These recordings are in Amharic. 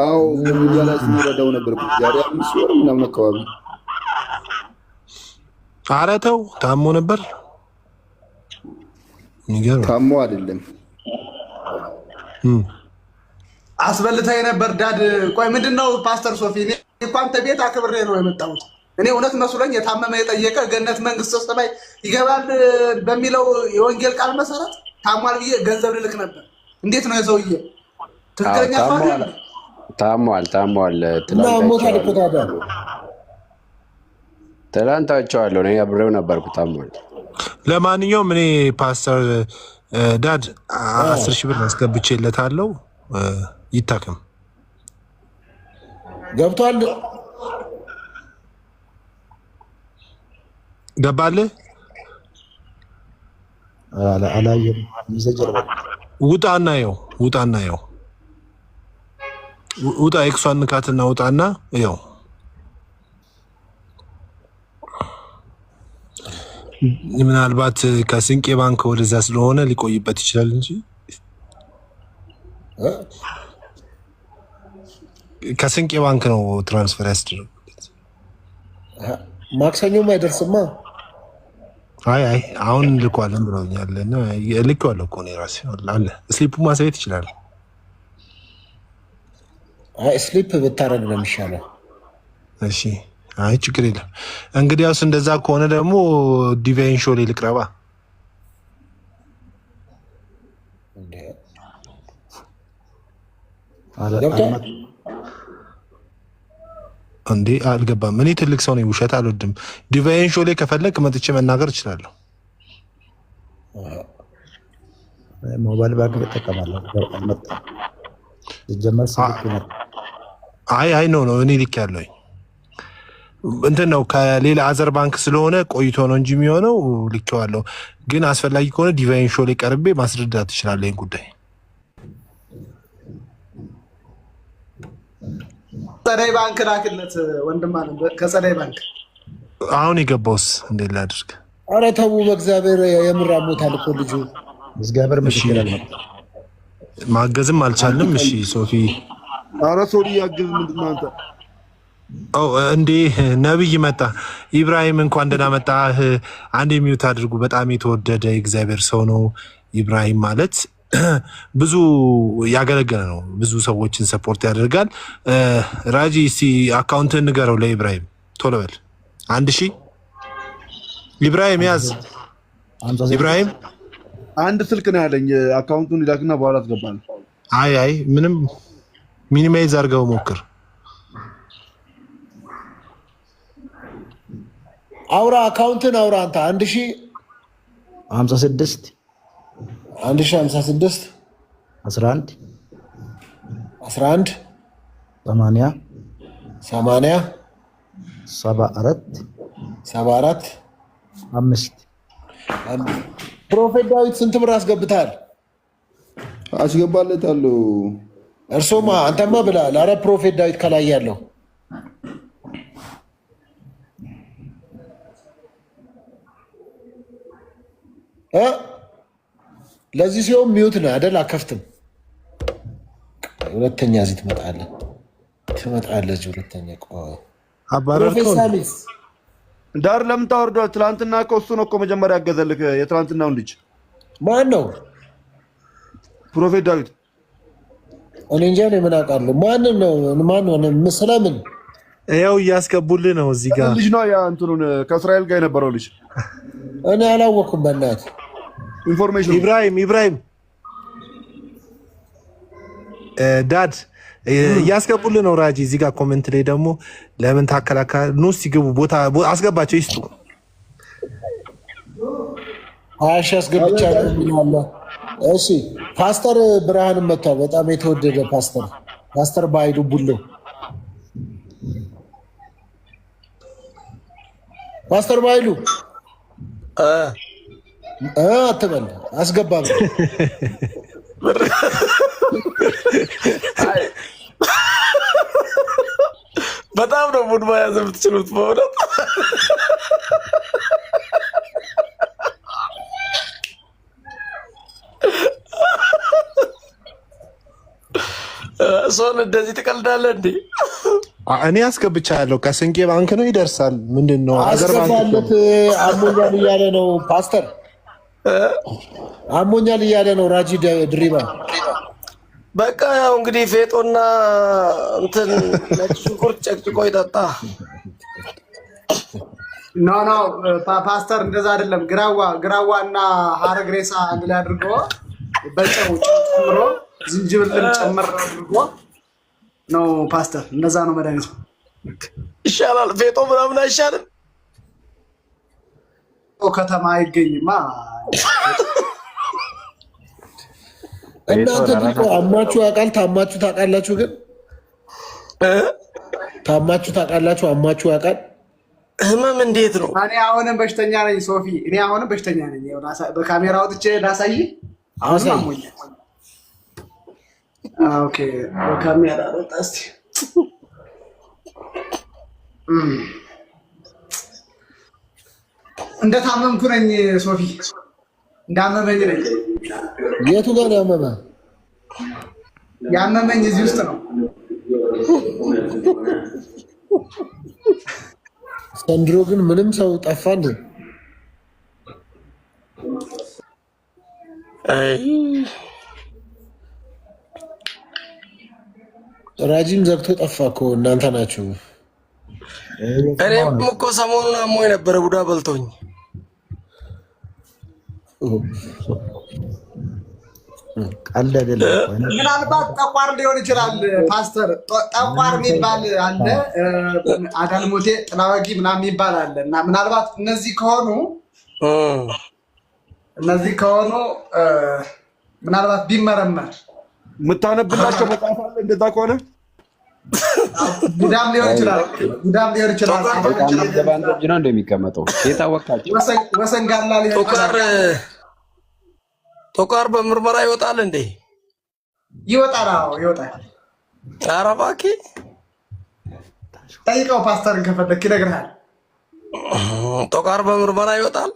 አው ሚዲያ ላይ ስንረዳው ነበር። ዛሬ አምስት ወር ምናምን አካባቢ ኧረ ተው ታሞ ነበር። ታሞ አይደለም አስበልታ የነበር ዳድ። ቆይ ምንድን ነው ፓስተር ሶፊ፣ እኔ ቤት አክብሬ ነው የመጣሁት። እኔ እውነት መስሎኝ የታመመ የጠየቀ ገነት መንግስተ ሰማይ ይገባል በሚለው የወንጌል ቃል መሰረት ታሟል ብዬ ገንዘብ ልልክ ነበር። እንዴት ነው የሰውዬ ታሟል ታሟል። ትላንት አይቼዋለሁ እኔ አብሬው ነበርኩ። ታሟል። ለማንኛውም እኔ ፓስተር ዳድ አስር ሺህ ብር አስገብቼለታለሁ። ይታክም ገብቷል። ገባልህ ውጣ እናየው ውጣ ኤክሷን ንካትና ውጣና ያው ምናልባት ከስንቄ ባንክ ወደዛ ስለሆነ ሊቆይበት ይችላል እንጂ ከስንቄ ባንክ ነው ትራንስፈር ያስደረጉበት። ማክሰኞም አይደርስማ። አይ አይ አሁን ልኳለን ብለውኛል እና ልኬዋለሁ እኮ እኔ እራሴ አለ ስሊፑ ማሳየት ይችላል። ስሊፕ ብታደረግ ነው የሚሻለው። እሺ፣ አይ ችግር የለም እንግዲህ ያውስ እንደዛ ከሆነ ደግሞ ዲቫይን ሾሌ ልቅረባ። እንዴ አልገባም። እኔ ትልቅ ሰው ነኝ፣ ውሸት አልወድም። ዲቫይን ሾሌ ከፈለግ መጥቼ መናገር እችላለሁ። ሞባይል ባንክ እጠቀማለሁ። ጀመር አይ አይ ነው ነው እኔ ልክ ያለኝ እንትን ነው ከሌላ አዘር ባንክ ስለሆነ ቆይቶ ነው እንጂ የሚሆነው ልኬዋለሁ። ግን አስፈላጊ ከሆነ ዲቫይን ሾ ላይ ቀርቤ ማስረዳት ትችላለህ ይህን ጉዳይ። ጸደይ ባንክ ላክለት ወንድማ ከጸደይ ባንክ አሁን የገባውስ እንዴት ላድርግ? ኧረ ተው በእግዚአብሔር የምራ ቦታ ልኮ ልጁ እግዚአብሔር ምሽላል ማገዝም አልቻልም። እሺ ሶፊ፣ ኧረ ሶሪ ያግዝ። ምንድን ነው አንተ? አው እንዴ ነብይ መጣ። ኢብራሂም እንኳን ደህና መጣህ። አንድ የሚውት አድርጉ። በጣም የተወደደ እግዚአብሔር ሰው ነው ኢብራሂም ማለት ብዙ ያገለገለ ነው። ብዙ ሰዎችን ሰፖርት ያደርጋል። ራጂ እስቲ አካውንትን ንገረው ለኢብራሂም ቶሎ በል። አንድ ሺህ ኢብራሂም ያዝ ኢብራሂም አንድ ስልክ ነው ያለኝ። አካውንቱን ይላክና በኋላ አስገባለሁ። አይ አይ ምንም ሚኒማይዝ አድርገው ሞክር። አውራ አካውንትን አውራ አንተ 1056 1056 11 11 80 80 74 74 አምስት ፕሮፌት ዳዊት ስንት ብር አስገብታል? አስገባለታለሁ። እርሶማ አንተማ ብላል። አረ ፕሮፌት ዳዊት ከላይ ያለው ለዚህ ሲሆን ሚዩት ነው አደል? አከፍትም። ሁለተኛ እዚህ ትመጣለህ፣ ትመጣለች ሁለተኛ። ቆይ ሳሚስ ዳር ለምታወርደው ትላንትና እኮ እሱ ነው እኮ መጀመሪያ ያገዘልህ። የትላንትናውን ልጅ ማን ነው? ፕሮፌት ዳዊት። እኔ እንጃ ነው ምን ማን ነው? ማን ነው? ስለምን ይኸው እያስገቡልህ ነው። እዚህ ጋር ልጅ ነው ያ እንትኑን ከእስራኤል ጋር የነበረው ልጅ። እኔ አላወቅኩም። በእናትህ ኢንፎርሜሽን። ኢብራሂም ኢብራሂም ዳድ እያስገቡልን ነው። ራጂ እዚህ ጋር ኮሜንት ላይ ደግሞ ለምን ታከላከል ኑ ሲገቡ ቦታ አስገባቸው ይስጡ። አሽ አስገብቻለሁ። እሺ ፓስተር ብርሃን መታ በጣም የተወደደ ፓስተር ፓስተር በሀይሉ ቡሎ ፓስተር በሀይሉ አትበል አስገባ የምትችሉት በእውነት ሰውን እንደዚህ ትቀልዳለህ እንዴ? እኔ አስገብቻለሁ። ከስንቄ ባንክ ነው ይደርሳል። ምንድን ነው አስገባለት። አሞኛል እያለ ነው ፓስተር፣ አሞኛል እያለ ነው ራጂ ድሪባ በቃ ያው እንግዲህ ፌጦና እንትን ነጭ ሽንኩርት ጨቅጭቆ ይጠጣ። ኖ ኖ ፓስተር እንደዛ አይደለም። ግራዋ ግራዋ እና ሀረግ ሬሳ አንድ ላይ አድርጎ በጨው ጨምሮ ዝንጅብልን ጨምር አድርጎ ነው ፓስተር። እንደዛ ነው መድኃኒቱ ይሻላል። ፌጦ ምናምን አይሻልም። ከተማ አይገኝማ እናንተ ግን አማችሁ ያውቃል? ታማችሁ ታውቃላችሁ? ግን ታማችሁ ታውቃላችሁ? አማችሁ ያውቃል? ህመም እንዴት ነው? እኔ አሁንም በሽተኛ ነኝ ሶፊ፣ እኔ አሁንም በሽተኛ ነኝ። በካሜራ ወጥቼ ላሳይ። አሁን በካሜራ ወጣ እስኪ እንደ ታመምኩ ነኝ ሶፊ፣ እንዳመመኝ ነኝ የቱ ጋር ያመመ? ያመመኝ እዚህ ውስጥ ነው። ዘንድሮ ግን ምንም ሰው ጠፋ እንዴ? ራጂም ዘግቶ ጠፋ እኮ እናንተ ናችሁ። እኔም እኮ ሰሞኑን አሞ የነበረ ቡዳ በልቶኝ ቀልድ አይደለም። ምናልባት ጠቋር ሊሆን ይችላል። ፓስተር ጠቋር የሚባል አለ፣ አዳልሞቴ ጥላወጊ ምናምን የሚባል አለ እና ምናልባት እነዚህ ከሆኑ እነዚህ ከሆኑ ምናልባት ቢመረመር የምታነብላቸው መጽሐፍ አለ። እንደዛ ከሆነ ጉዳም ሊሆን ይችላል። ጉዳም ሊሆን ይችላል። እንደሚቀመጠው የታወቃቸው ወሰንጋላ ሊሆን ቶኳር በምርመራ ይወጣል እንዴ? ይወጣል። አዎ ይወጣል። ኧረ እባክህ ጠይቀው፣ ፓስተርን ከፈለክ ይነግርሃል። በምርመራ ይወጣል።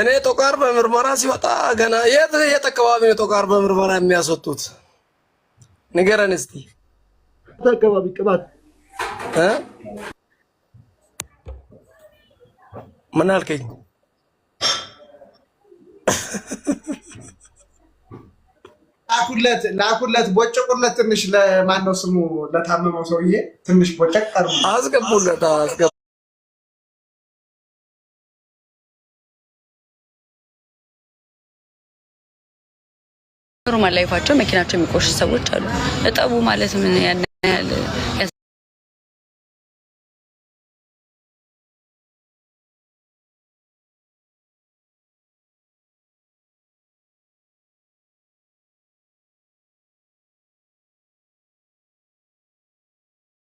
እኔ ጦቃር በምርመራ ሲወጣ ገና የት የት አካባቢ ነው በምርመራ የሚያስወጡት? ንገረን አካባቢ ቅባት ምን አልከኝ? ላኩለት ላኩለት ትንሽ ለማን ነው ስሙ ለታመመው ሰውዬ ትንሽ ቦጨቅ ቀር አስገቡለት አስገቡ ኖርማል ላይፋቸው መኪናቸው የሚቆሽ ሰዎች አሉ። እጠቡ ማለት ምን ያን ያህል